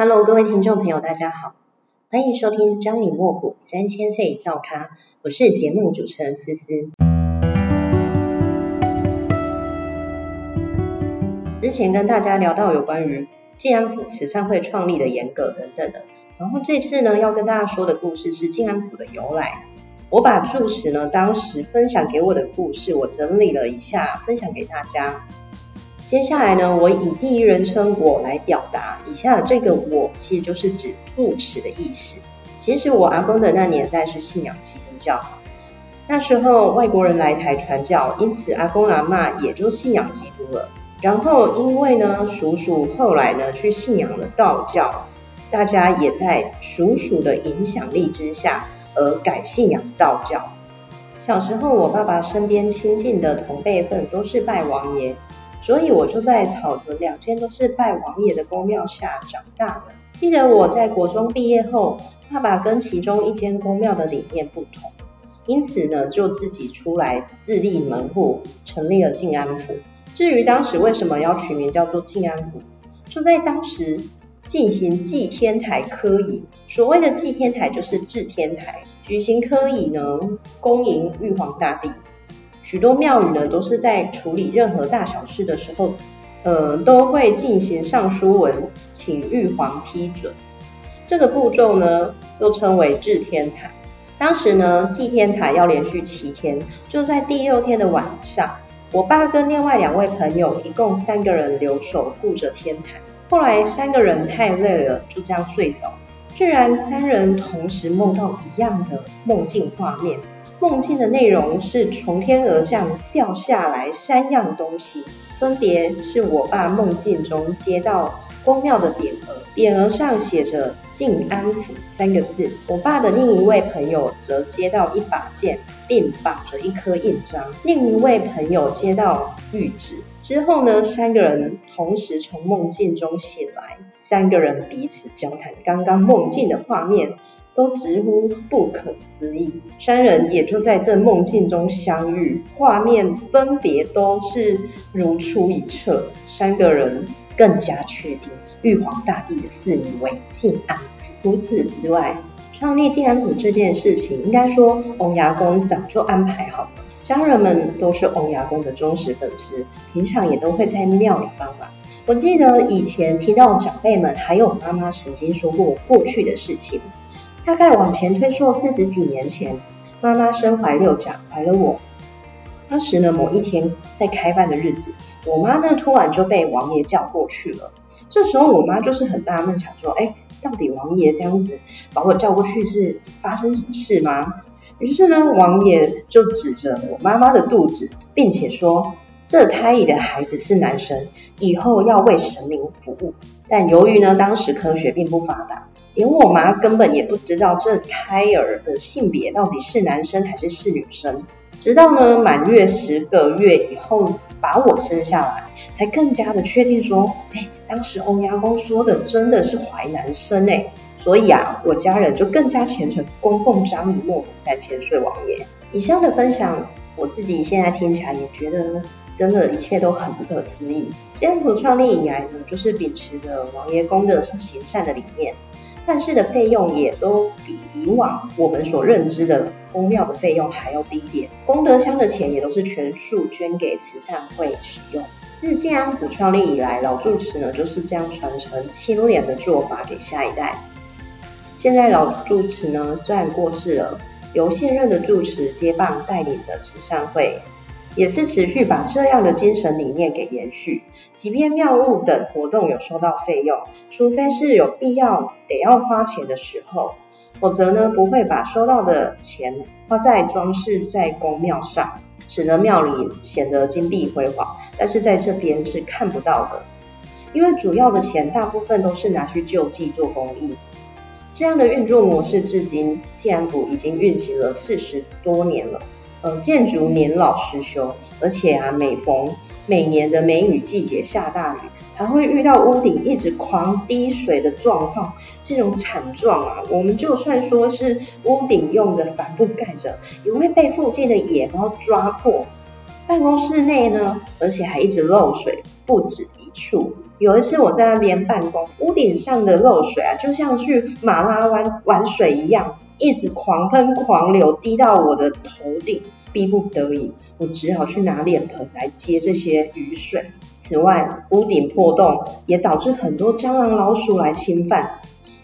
Hello，各位聽眾朋友，大家好，歡迎收聽《張李莫府三千歲灶咖》，我是節目主持人思思。之前跟大家聊到有關於進安府慈善會創立的嚴格等等的，然後這次呢要跟大家說的故事是進安府的由來。我把住持呢當時分享給我的故事，我整理了一下，分享給大家。接下來呢，我以第一人稱“我”來表達，以下這個“我”其實就是指住持的意思。其實我阿公的那年代是信仰基督教，那時候外國人來台傳教，因此阿公阿嬤也就信仰基督了。然後因為呢，叔叔後來呢去信仰了道教，大家也在叔叔的影響力之下而改信仰道教。小時候，我爸爸身邊親近的同輩分都是拜王爺。所以我就在草屯兩間都是拜王爺的宮廟下長大的。記得我在國中畢業後，爸爸跟其中一間宮廟的理念不同，因此呢就自己出來自立門戶，成立了進安府。至於當時為什麼要取名叫做進安府，就在當時進行祭天台科儀。所謂的祭天台就是置天台，舉行科儀呢，恭迎玉皇大帝。許多廟宇呢，都是在處理任何大小事的時候，呃，都會進行上書文，請玉皇批准。這個步驟呢，又稱為祭天台。當時呢，祭天台要連續七天，就在第六天的晚上，我爸跟另外兩位朋友，一共三個人留守顧着天台。後來三個人太累了，就這樣睡着，居然三人同時夢到一樣的夢境畫面。夢境的內容是從天而降掉下來三樣東西，分別是我爸夢境中接到宮廟的匾額，匾額上寫着“進安府”三個字。我爸的另一位朋友則接到一把劍，並綁着一顆印章。另一位朋友接到玉旨。之後呢，三個人同時從夢境中醒來，三個人彼此交談剛剛夢境的畫面。都直呼不可思議，三人也就在這夢境中相遇，畫面分別都是如出一轍。三個人更加確定玉皇大帝的賜名為進安府。除此之外，創立進安府這件事情，應該說王爺公早就安排好了。家人們都是王爺公的忠實粉絲，平常也都會在廟裡幫忙。我記得以前聽到長輩們還有媽媽曾經說過過去的事情。大概往前推說四十幾年前，媽媽身懷六甲，懷了我。當時呢，某一天在開飯的日子，我媽呢突然就被王爺叫過去了。這時候我媽就是很納悶，想說，哎，到底王爺這樣子把我叫過去是發生什麼事嗎？於是呢，王爺就指着我媽媽的肚子，並且說，這胎裡的孩子是男生，以後要為神明服務。但由於呢，當時科學並不發達。連我媽根本也不知道這胎兒的性別到底是男生還是是女生，直到呢滿月十個月以後把我生下來，才更加的確定說，哎，當時歐牙公說的真的是懷男生哎、欸，所以啊，我家人就更加虔誠供奉張李莫的三千歲王爺。以上的分享，我自己現在聽起來也覺得真的一切都很不可思議。進安府創立以來呢，就是秉持着王爺公的行善的理念。辦事的費用也都比以往我們所認知的公廟的費用還要低一點，功德箱的錢也都是全數捐給慈善會使用。自進安府創立以來，老住持呢就是這樣傳承清廉的做法給下一代。現在老，老住持呢雖然過世了，由現任的住持接棒帶領的慈善會。也是持續把這樣的精神理念給延續，即便廟務等活動有收到費用，除非是有必要得要花錢的時候，否則呢不會把收到的錢花在裝飾在宮廟上，使得廟裡顯得金碧輝煌，但是在這邊是看不到的，因為主要的錢大部分都是拿去救濟做公益。這樣的運作模式，至今進安府已經運行了四十多年了。呃，建築年老失修，而且啊，每逢每年的梅雨季節下大雨，還會遇到屋頂一直狂滴水的狀況。這種慘狀啊，我們就算說是屋頂用的帆布蓋着，也會被附近的野貓抓破。辦公室內呢，而且還一直漏水，不止一處。有一次我在那邊辦公，屋頂上的漏水啊，就像去馬拉灣玩水一樣。一直狂噴狂流，滴到我的頭頂。逼不得已，我只好去拿臉盆來接這些雨水。此外，屋頂破洞也導致很多蟑螂、老鼠來侵犯。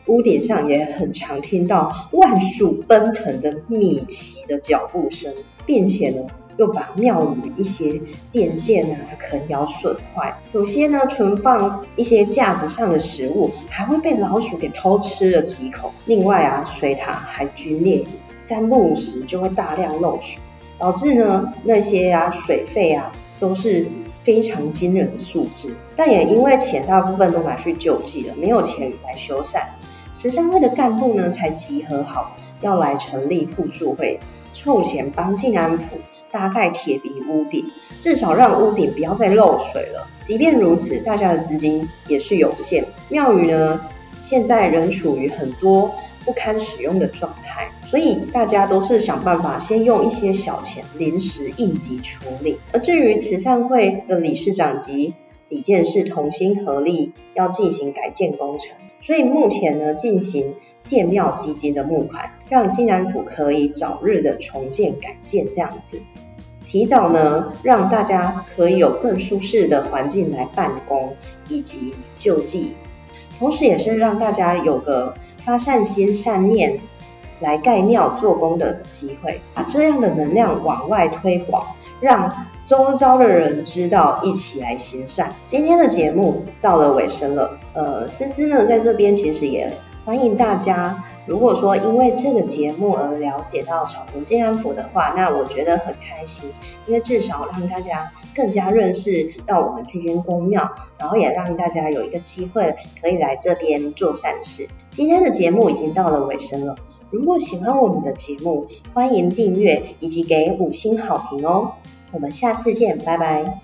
屋頂上也很常聽到萬鼠奔騰的米奇的腳步聲，並且呢。又把廟宇一些電線啊啃咬損壞，有些呢存放一些架子上的食物，還會被老鼠給偷吃了幾口。另外啊，水塔還龜裂，三不五時就會大量漏水，導致呢那些啊水費啊都是非常驚人的數字。但也因為錢大部分都拿去救濟了，沒有錢來修繕，慈善會的幹部呢才集合好要來成立互助會，湊錢幫進安府。加蓋鐵皮屋頂，至少讓屋頂不要再漏水了。即便如此，大家的資金也是有限。廟宇呢，現在仍處於很多不堪使用的狀態，所以大家都是想辦法先用一些小錢臨時應急處理。而至於慈善會的理事長及理監事同心合力要進行改建工程，所以目前呢進行建廟基金的募款。讓進安府可以早日的重建改建，這樣子，提早呢，讓大家可以有更舒適的環境來辦公以及救濟，同時也是讓大家有個發善心善念來蓋廟做功德的機會，把這樣的能量往外推廣，讓周遭的人知道，一起來行善。今天的節目到了尾聲了，呃，思思呢在這邊其實也歡迎大家。如果說因為這個節目而了解到草屯進安府的話，那我覺得很開心，因為至少讓大家更加認識到我們這間宮廟，然後也讓大家有一個機會可以來這邊做善事。今天的節目已經到了尾聲了，如果喜歡我們的節目，歡迎訂閱以及給五星好評哦。我們下次見，拜拜。